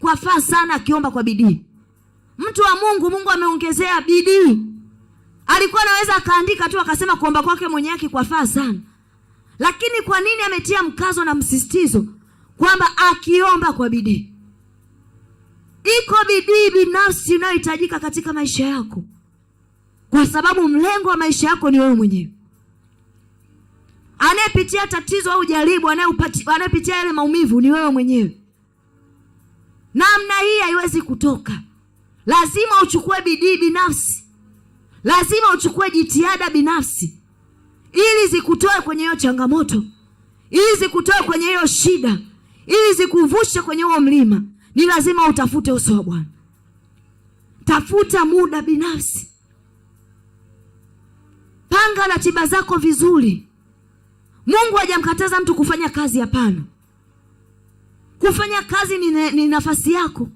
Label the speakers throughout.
Speaker 1: kwa faa sana, akiomba kwa bidii. Mtu wa Mungu, Mungu ameongezea bidii. Alikuwa anaweza akaandika tu akasema kuomba kwake mwenye yake kwa faa sana, lakini kwa nini ametia mkazo na msisitizo kwamba akiomba kwa bidii? Iko bidii binafsi inayohitajika katika maisha yako, kwa sababu mlengo wa maisha yako ni wewe mwenyewe. Anayepitia tatizo au jaribu, anayepitia yale maumivu ni wewe mwenyewe namna hii haiwezi kutoka. Lazima uchukue bidii binafsi, lazima uchukue jitihada binafsi, ili zikutoe kwenye hiyo changamoto, ili zikutoe kwenye hiyo shida, ili zikuvushe kwenye huo mlima. Ni lazima utafute uso wa Bwana, tafuta muda binafsi, panga ratiba zako vizuri. Mungu hajamkataza mtu kufanya kazi, hapana. Kufanya kazi ni, ni nafasi yako,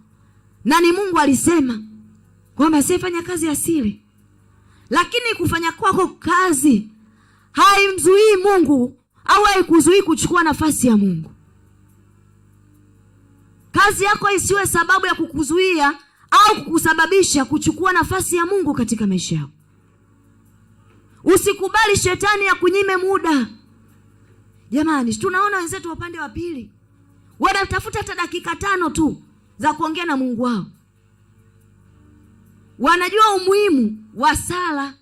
Speaker 1: na ni Mungu alisema kwamba sifanya kazi siri, lakini kufanya kwako kazi haimzuii Mungu au haikuzuii kuchukua nafasi ya Mungu. Kazi yako isiwe sababu ya kukuzuia au kukusababisha kuchukua nafasi ya Mungu katika maisha yako. Usikubali shetani ya kunyime muda. Jamani, tunaona wenzetu wa upande wa pili wanatafuta hata dakika tano tu za kuongea na Mungu wao. Wanajua umuhimu wa sala.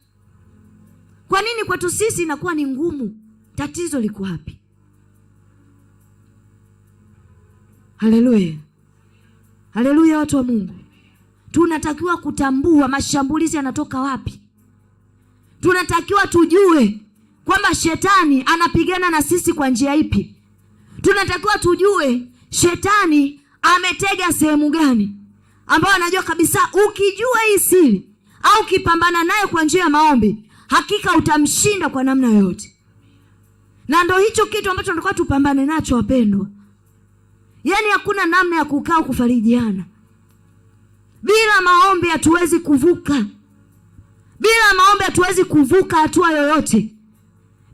Speaker 1: Kwa nini kwetu sisi inakuwa ni ngumu? Tatizo liko wapi? Haleluya, haleluya! Watu wa Mungu, tunatakiwa kutambua mashambulizi yanatoka wapi. Tunatakiwa tujue kwamba shetani anapigana na sisi kwa njia ipi tunatakiwa tujue shetani ametega sehemu gani, ambayo anajua kabisa. Ukijua hii siri au ukipambana naye kwa njia ya maombi, hakika utamshinda kwa namna yoyote, na ndo hicho kitu ambacho tunatakiwa tupambane nacho, wapendwa. Yaani hakuna namna ya kukaa kufarijiana bila maombi, hatuwezi kuvuka. Bila maombi hatuwezi kuvuka hatua yoyote.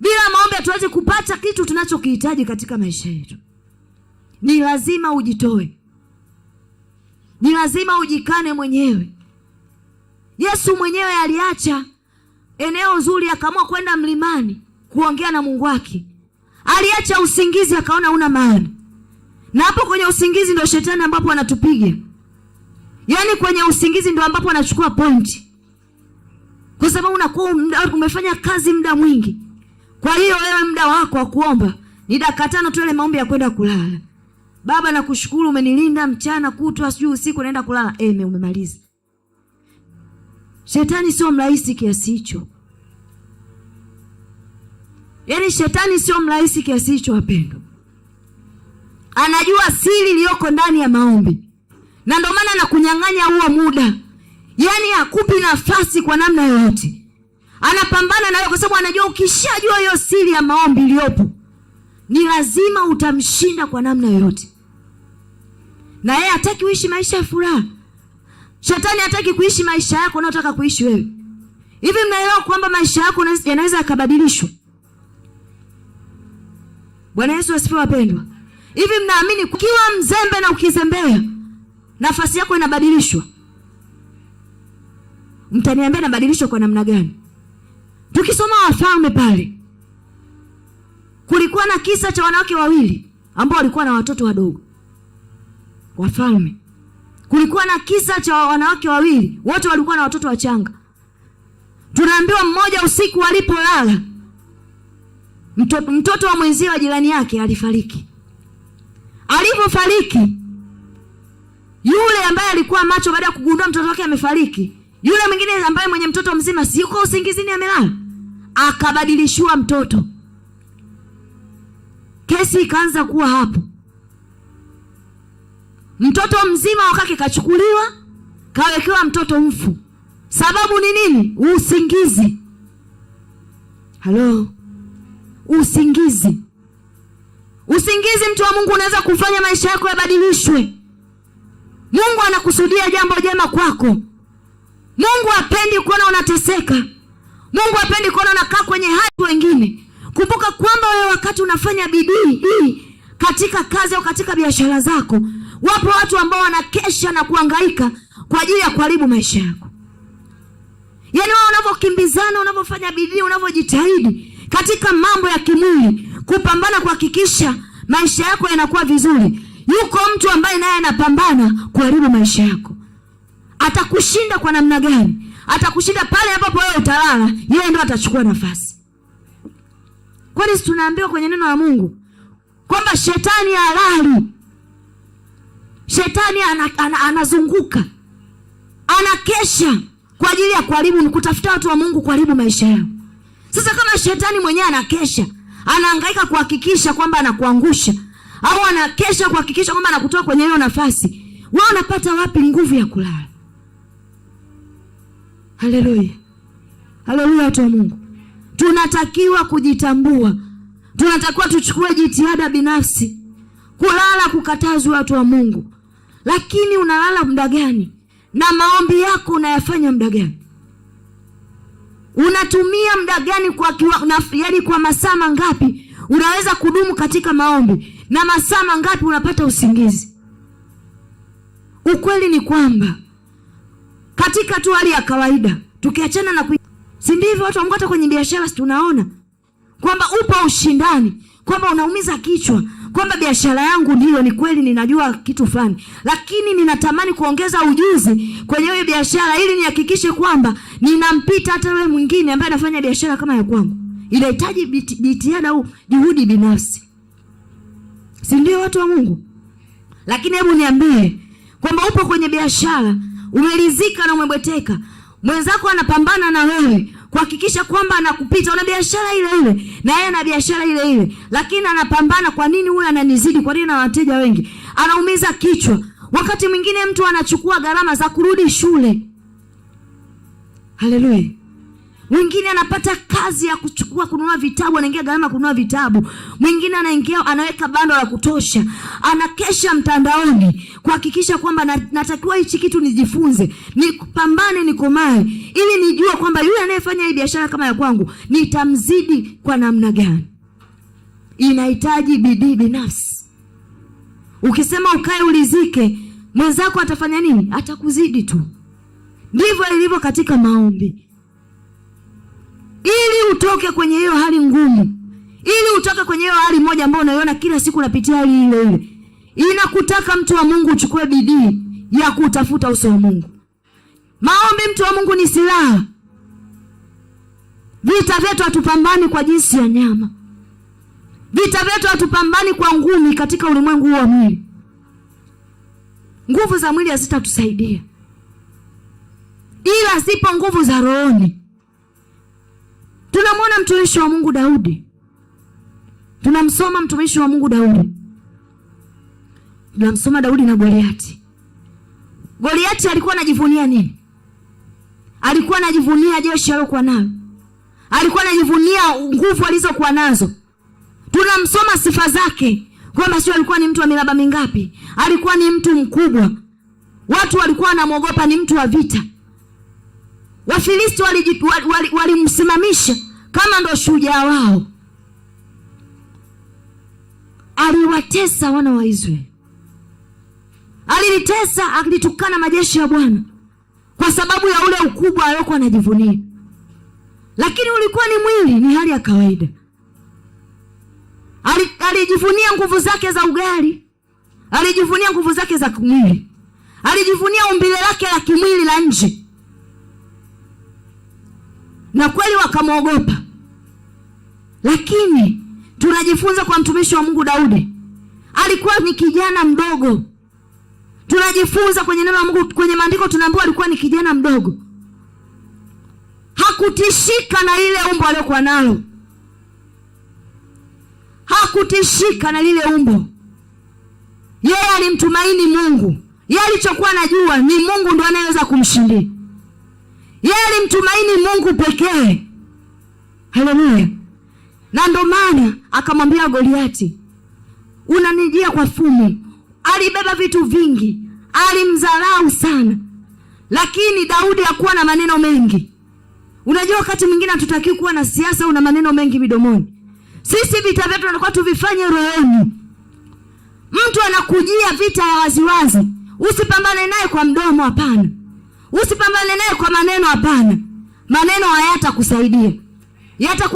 Speaker 1: Bila maombi hatuwezi kupata kitu tunachokihitaji katika maisha yetu. Ni lazima ujitoe, ni lazima ujikane mwenyewe. Yesu mwenyewe aliacha eneo zuri, akaamua kwenda mlimani kuongea na Mungu wake. Aliacha usingizi, akaona una maana, na hapo kwenye usingizi ndio shetani ambapo anatupiga. Yaani kwenye usingizi ndio ambapo anachukua pointi, kwa sababu unakuwa umefanya kazi muda mwingi kwa hiyo wewe, muda wako wa kuomba ni dakika tano tu, ile maombi ya kwenda kulala. Baba, nakushukuru umenilinda mchana kutwa, sijui usiku, naenda kulala. Eme, eh, umemaliza. Shetani sio mrahisi kiasi hicho, yaani shetani sio mrahisi kiasi hicho, wapendo. Anajua siri iliyoko ndani ya maombi, na ndio maana anakunyang'anya huo muda, yaani hakupi nafasi kwa namna yoyote anapambana na wewe, kwa sababu anajua ukishajua hiyo siri ya maombi iliyopo ni lazima utamshinda kwa namna yoyote, na yeye hataki uishi maisha ya furaha. Shetani hataki kuishi maisha yako unayotaka kuishi wewe. Hivi mnaelewa kwamba maisha yako yanaweza yakabadilishwa? Bwana Yesu asifiwe, wapendwa. Hivi mnaamini ukiwa mzembe na ukizembea nafasi yako inabadilishwa? Mtaniambia inabadilishwa kwa namna gani? Ukisoma Wafalme pale, kulikuwa na kisa cha wanawake wawili ambao walikuwa na watoto wadogo. Wafalme, kulikuwa na kisa cha wanawake wawili, wote walikuwa na watoto wachanga. Tunaambiwa mmoja usiku alipolala, mtoto, mtoto wa mwenzie wa jirani yake alifariki. Alipofariki yule ambaye alikuwa macho, baada ya kugundua mtoto wake amefariki, yule mwingine ambaye mwenye mtoto mzima, siko usingizini, amelala akabadilishiwa mtoto, kesi ikaanza kuwa hapo. Mtoto mzima wakake kachukuliwa kawekewa mtoto mfu. Sababu ni nini? Usingizi. Halo, usingizi. Usingizi, mtu wa Mungu, unaweza kufanya maisha yako yabadilishwe. Mungu anakusudia jambo jema kwako. Mungu hapendi kuona unateseka. Mungu hapendi kuona unakaa kwenye hali wengine. Kumbuka kwamba wewe wakati unafanya bidii hii katika kazi au katika biashara zako, wapo watu ambao wanakesha na kuangaika kwa ajili ya kuharibu maisha yako. Yaani wewe unavyokimbizana, unavyofanya bidii, unavyojitahidi katika mambo ya kimwili kupambana kuhakikisha maisha yako yanakuwa vizuri, yuko mtu ambaye naye anapambana kuharibu maisha yako. Atakushinda kwa namna gani? atakushinda pale ambapo wewe utalala, yeye ndio atachukua nafasi. Kwani sisi tunaambiwa kwenye neno la Mungu kwamba shetani halali, shetani anazunguka ana, ana anakesha kwa ajili ya kuharibu, ni kutafuta watu wa Mungu kuharibu maisha yao. Sasa kama shetani mwenyewe anakesha, anahangaika kuhakikisha kwamba anakuangusha au anakesha kuhakikisha kwamba anakutoa kwenye hiyo nafasi, wewe unapata wapi nguvu ya kulala? Haleluya, haleluya, watu wa Mungu, tunatakiwa kujitambua, tunatakiwa tuchukue jitihada binafsi. Kulala kukatazwa, watu wa Mungu, lakini unalala muda gani? Na maombi yako unayafanya muda gani? Unatumia muda gani kwa kiwa, na, kwa masaa mangapi unaweza kudumu katika maombi na masaa mangapi unapata usingizi? Ukweli ni kwamba katika tu hali ya kawaida, tukiachana na kui... si ndivyo watu wangu, kwenye biashara tunaona kwamba upo ushindani, kwamba unaumiza kichwa kwamba biashara yangu ndiyo ni kweli, ninajua kitu fulani, lakini ninatamani kuongeza ujuzi kwenye hiyo biashara ili nihakikishe kwamba ninampita hata yule mwingine ambaye anafanya biashara kama ya kwangu. Inahitaji jitihada au juhudi binafsi, si ndio, watu wa Mungu? Lakini hebu niambie kwamba upo kwenye biashara umelizika na umebweteka, mwenzako anapambana na wewe kuhakikisha kwamba anakupita. Una biashara ile ile na yeye ana biashara ile ile, lakini anapambana. Kwa nini huyu ananizidi? Kwa nini na wateja wengi? Anaumiza kichwa. Wakati mwingine mtu anachukua gharama za kurudi shule. Haleluya! Mwingine anapata kazi ya kuchukua kununua vitabu, anaingia gharama kununua vitabu. Mwingine anaingia anaweka bando la kutosha, anakesha mtandaoni kuhakikisha kwamba natakiwa hichi kitu nijifunze, nipambane, nikomae, ili nijue kwamba yule anayefanya hii biashara kama ya kwangu nitamzidi kwa namna gani. Inahitaji bidii binafsi. Ukisema ukae ulizike, mwenzako atafanya nini? Atakuzidi tu. Ndivyo ilivyo katika maombi utoke kwenye hiyo hali ngumu, ili utoke kwenye hiyo hali moja ambayo unaiona kila siku unapitia hali ile ile, inakutaka mtu wa Mungu uchukue bidii ya kutafuta uso wa Mungu. Maombi, mtu wa Mungu, ni silaha. Vita vyetu hatupambani kwa jinsi ya nyama, vita vyetu hatupambani kwa ngumi katika ulimwengu huu wa mwili. Nguvu za mwili hazitatusaidia, ila zipo nguvu za rohoni. Tunamwona mtumishi wa Mungu Daudi, tunamsoma mtumishi wa Mungu Daudi, tunamsoma Daudi na Goliati. Goliati alikuwa anajivunia nini? Alikuwa anajivunia jeshi alokuwa nalo, alikuwa anajivunia nguvu alizokuwa nazo. Tunamsoma sifa zake kwamba sio, alikuwa ni mtu wa miraba mingapi, alikuwa ni mtu mkubwa, watu walikuwa wanamwogopa, ni mtu wa vita. Wafilisti walimsimamisha wali, wali, wali kama ndo shujaa wao. Aliwatesa wana wa Israeli, alilitesa akilitukana majeshi ya Bwana kwa sababu ya ule ukubwa aliokuwa anajivunia, lakini ulikuwa ni mwili, ni hali ya kawaida. Alijivunia nguvu zake za ugali, alijivunia nguvu zake za kimwili, alijivunia umbile lake la kimwili la nje, na kweli wakamwogopa. Lakini tunajifunza kwa mtumishi wa Mungu Daudi, alikuwa ni kijana mdogo. Tunajifunza kwenye neno la Mungu, kwenye maandiko tunaambiwa alikuwa ni kijana mdogo, hakutishika na ile umbo aliyokuwa nalo, hakutishika na lile umbo. Yeye alimtumaini Mungu. Yeye alichokuwa anajua ni Mungu ndo anayeweza kumshindia. Yeye alimtumaini Mungu pekee. Haleluya! na ndo maana akamwambia Goliati, unanijia kwa fumo. Alibeba vitu vingi, alimdharau sana, lakini Daudi hakuwa na maneno mengi. Unajua, wakati mwingine hatutaki kuwa na siasa una maneno mengi midomoni. Sisi vita vyetu tunakuwa tuvifanye rohoni. Mtu anakujia vita ya waziwazi, usipambane naye kwa mdomo, hapana. Usipambane naye kwa maneno, hapana. Maneno hayatakusaidia yata